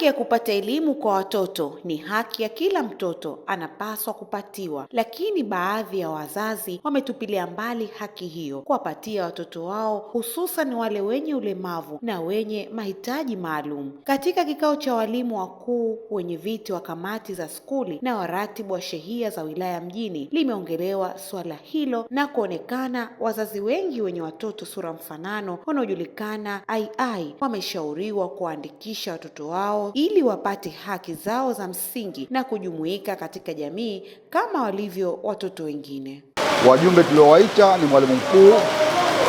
Haki ya kupata elimu kwa watoto ni haki ya kila mtoto, anapaswa kupatiwa, lakini baadhi ya wazazi wametupilia mbali haki hiyo kuwapatia watoto wao, hususan wale wenye ulemavu na wenye mahitaji maalum. Katika kikao cha walimu wakuu, wenye viti wa kamati za skuli na waratibu wa shehia za wilaya mjini, limeongelewa suala hilo na kuonekana wazazi wengi wenye watoto sura mfanano wanaojulikana ii wameshauriwa kuwaandikisha watoto wao ili wapate haki zao za msingi na kujumuika katika jamii kama walivyo watoto wengine. Wajumbe tuliowaita ni mwalimu mkuu,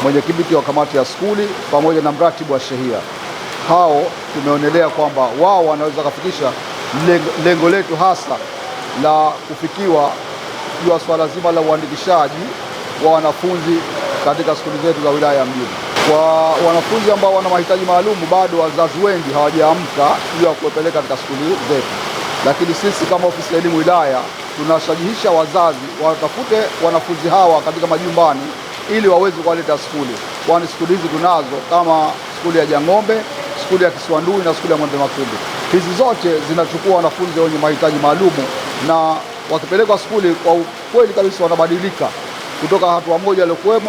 mwenyekiti wa kamati ya skuli pamoja na mratibu wa shehia. Hao tumeonelea kwamba wao wanaweza kufikisha lengo letu hasa la kufikiwa juu ya swala zima la uandikishaji wa wanafunzi katika skuli zetu za wilaya ya Mjini. Kwa wanafunzi ambao wana mahitaji maalum, bado wazazi wengi hawajaamka juu ya kuwapeleka katika shule zetu, lakini sisi kama ofisi ya elimu wilaya tunashajihisha wazazi watafute wanafunzi hawa katika majumbani ili waweze kuwaleta skuli, kwani skuli hizi tunazo kama skuli ya Jang'ombe, skuli ya Kiswandui na skuli ya Mwembe Makumbi. Hizi zote zinachukua wanafunzi wenye mahitaji maalumu, na wakipelekwa skuli, kwa ukweli kabisa wanabadilika kutoka hatua moja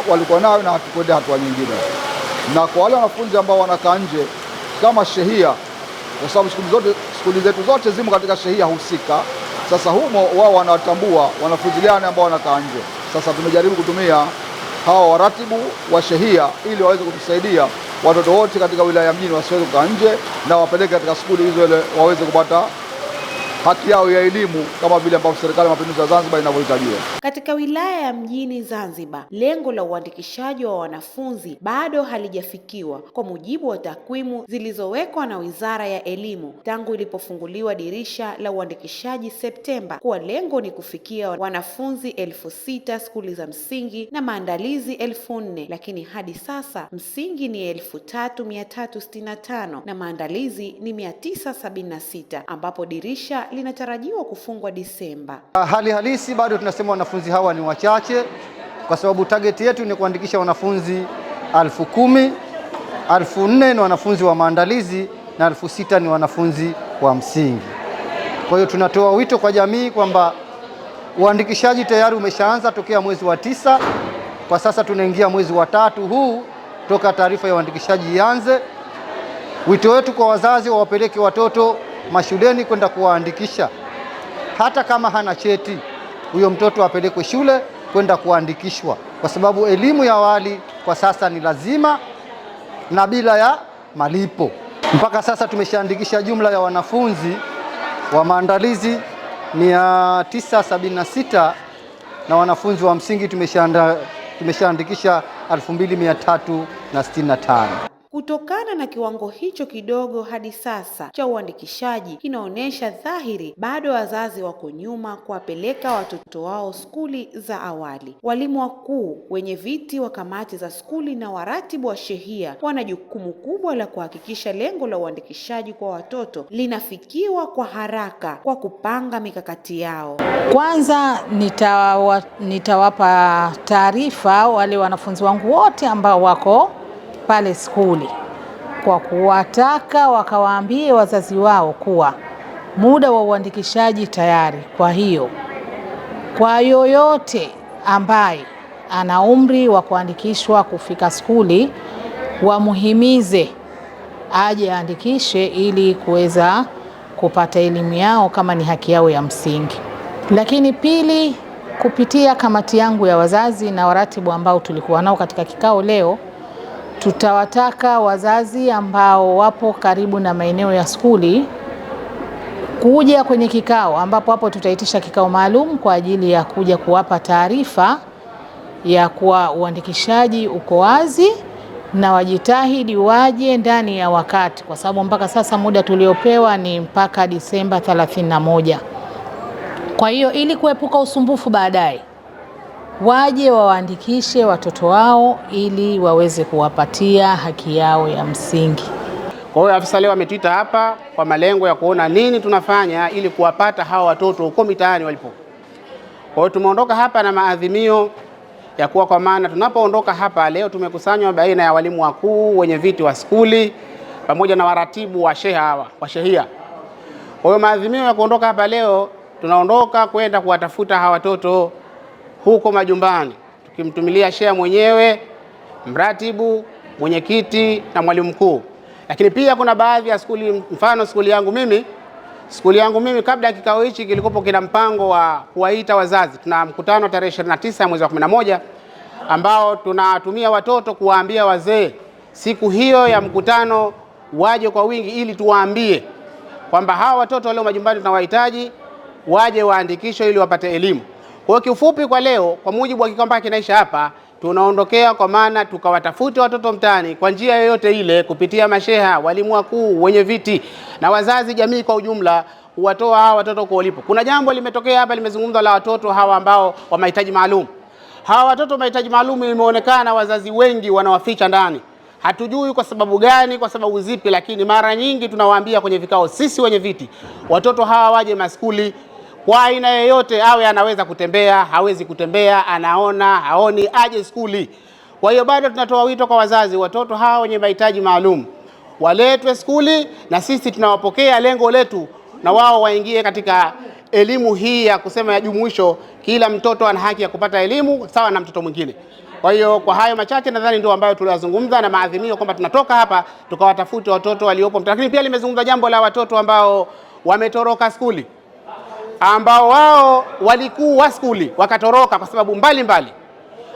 walikuwa nayo na hatukwenda hatua nyingine. Na kwa wale wanafunzi ambao wanakaa nje kama shehia, kwa sababu skuli zetu zote zimo katika shehia husika. Sasa humo wao wanatambua wanafunzi gani ambao wanakaa nje. Sasa tumejaribu kutumia hawa waratibu wa shehia ili waweze kutusaidia watoto wote katika wilaya ya mjini wasiweze kukaa nje na wapeleke katika skuli hizo, ile waweze kupata haki yao ya elimu kama vile ambavyo serikali ya mapinduzi ya Zanzibar inavyohitajiwa. Katika wilaya ya mjini Zanzibar, lengo la uandikishaji wa wanafunzi bado halijafikiwa kwa mujibu wa takwimu zilizowekwa na Wizara ya Elimu tangu ilipofunguliwa dirisha la uandikishaji Septemba, kuwa lengo ni kufikia wanafunzi elfu sita skuli za msingi na maandalizi elfu nne lakini hadi sasa msingi ni elfu tatu mia tatu sitini na tano na maandalizi ni mia tisa sabini na sita ambapo dirisha linatarajiwa kufungwa Disemba. Ah, hali halisi bado tunasema wanafunzi hawa ni wachache, kwa sababu tageti yetu ni kuandikisha wanafunzi alfu kumi, alfu nne ni wanafunzi wa maandalizi na alfu sita ni wanafunzi wa msingi. Kwa hiyo tunatoa wito kwa jamii kwamba uandikishaji tayari umeshaanza tokea mwezi wa tisa. Kwa sasa tunaingia mwezi wa tatu huu toka taarifa ya uandikishaji ianze. Wito wetu kwa wazazi wawapeleke watoto mashuleni kwenda kuwaandikisha. Hata kama hana cheti, huyo mtoto apelekwe shule kwenda kuandikishwa, kwa sababu elimu ya awali kwa sasa ni lazima na bila ya malipo. Mpaka sasa tumeshaandikisha jumla ya wanafunzi wa maandalizi 976 na wanafunzi wa msingi tumeshaandikisha 2365. Kutokana na kiwango hicho kidogo hadi sasa cha uandikishaji, kinaonyesha dhahiri bado wazazi wako nyuma kuwapeleka watoto wao skuli za awali. Walimu wakuu, wenye viti wa kamati za skuli na waratibu wa shehia wana jukumu kubwa la kuhakikisha lengo la uandikishaji kwa watoto linafikiwa kwa haraka kwa kupanga mikakati yao. Kwanza nitawa, nitawapa taarifa wale wanafunzi wangu wote ambao wako pale skuli kwa kuwataka wakawaambie wazazi wao kuwa muda wa uandikishaji tayari. Kwa hiyo kwa yoyote ambaye ana umri wa kuandikishwa kufika skuli, wamuhimize aje aandikishe ili kuweza kupata elimu yao kama ni haki yao ya msingi. Lakini pili, kupitia kamati yangu ya wazazi na waratibu ambao tulikuwa nao katika kikao leo Tutawataka wazazi ambao wapo karibu na maeneo ya skuli kuja kwenye kikao, ambapo hapo tutaitisha kikao maalum kwa ajili ya kuja kuwapa taarifa ya kuwa uandikishaji uko wazi na wajitahidi waje ndani ya wakati, kwa sababu mpaka sasa muda tuliopewa ni mpaka Disemba 31. Kwa hiyo ili kuepuka usumbufu baadaye waje wawaandikishe watoto wao ili waweze kuwapatia haki yao ya msingi. Kwa hiyo afisa leo ametuita hapa kwa malengo ya kuona nini tunafanya ili kuwapata hawa watoto huko mitaani walipo. Kwa hiyo tumeondoka hapa na maadhimio ya kuwa, kwa maana tunapoondoka hapa leo tumekusanywa baina ya walimu wakuu, wenye viti wa skuli pamoja na waratibu wa sheha hawa wa shehia. Kwa hiyo maadhimio ya kuondoka hapa leo, tunaondoka kwenda kuwatafuta hawa watoto huko majumbani, tukimtumilia shea mwenyewe, mratibu, mwenyekiti na mwalimu mkuu. Lakini pia kuna baadhi ya skuli, mfano skuli yangu mimi skuli yangu mimi kabla ya kikao hichi kilikopo kina mpango wa kuwaita wazazi. Tuna mkutano tarehe 29 mwezi wa 11 ambao tunatumia watoto kuwaambia wazee siku hiyo ya mkutano waje kwa wingi, ili tuwaambie kwamba hawa watoto walio majumbani tunawahitaji waje waandikishwe ili wapate elimu. Kwa kiufupi, kwa leo, kwa mujibu wa kikao kinaisha hapa, tunaondokea kwa maana tukawatafute watoto mtaani kwa njia yoyote ile, kupitia masheha, walimu wakuu, wenye viti na wazazi, jamii kwa ujumla kuwatoa hawa watoto kwa ulipo. Kuna jambo limetokea hapa, limezungumzwa la watoto hawa ambao wa mahitaji maalum. Hawa watoto mahitaji maalum, imeonekana wazazi wengi wanawaficha ndani, hatujui kwa sababu gani, kwa sababu zipi, lakini mara nyingi tunawaambia kwenye vikao, sisi wenye viti, watoto hawa waje maskuli kwa aina yoyote, awe anaweza kutembea, hawezi kutembea, anaona, haoni, aje skuli. Kwa hiyo bado tunatoa wito kwa wazazi, watoto hawa wenye mahitaji maalum waletwe skuli, na sisi tunawapokea. Lengo letu na wao waingie katika elimu hii ya kusema ya jumuisho. Kila mtoto ana haki ya kupata elimu sawa na mtoto mwingine. Kwa hiyo kwa hayo machache nadhani ndio ambayo tuliyozungumza na maadhimio kwamba tunatoka hapa tukawatafuta watoto waliopo, lakini pia limezungumza jambo la watoto ambao wametoroka skuli ambao wao walikuwa skuli wakatoroka kwa sababu mbalimbali,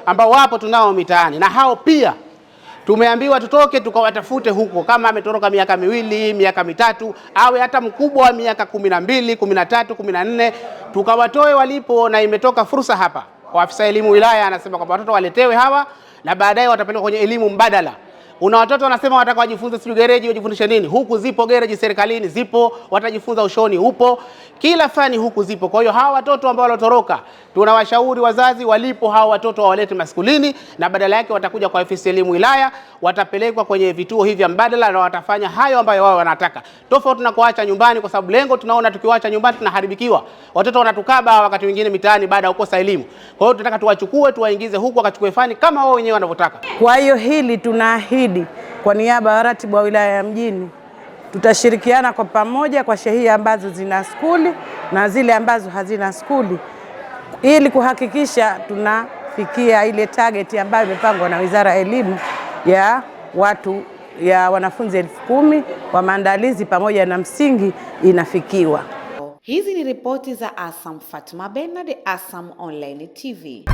ambao wapo tunao mitaani, na hao pia tumeambiwa tutoke tukawatafute huko, kama ametoroka miaka miwili miaka mitatu, awe hata mkubwa wa miaka kumi na mbili kumi na tatu kumi na nne tukawatoe walipo. Na imetoka fursa hapa kwa afisa elimu wilaya, anasema kwamba watoto waletewe hawa na baadaye watapelekwa kwenye elimu mbadala. Una watoto wanasema wataka wajifunze sijui gereji, wajifundishe nini? Huku zipo gereji serikalini, zipo watajifunza ushoni, upo kila fani huku zipo. Kwa hiyo hawa watoto ambao walotoroka, tunawashauri wazazi walipo hawa watoto wawalete maskulini, na badala yake watakuja kwa ofisi elimu wilaya, watapelekwa kwenye vituo hivi vya mbadala na watafanya hayo ambayo wao wanataka, tofauti na kuacha nyumbani, kwa sababu lengo tunaona tukiwaacha nyumbani tunaharibikiwa. Watoto wanatukaba wakati mwingine mitaani baada ya kukosa elimu. Kwa hiyo tunataka tuwachukue, tuwaingize huku wakachukue fani kama wao wenyewe wanavyotaka. Kwa hiyo hili tuna Maulidi kwa niaba ya waratibu wa wilaya ya Mjini, tutashirikiana kwa pamoja kwa shehia ambazo zina skuli na zile ambazo hazina skuli ili kuhakikisha tunafikia ile target ambayo imepangwa na Wizara ya Elimu ya watu ya wanafunzi elfu kumi wa maandalizi pamoja na msingi inafikiwa. Hizi ni ripoti za Asam. Fatma Bernard, Asam Online TV.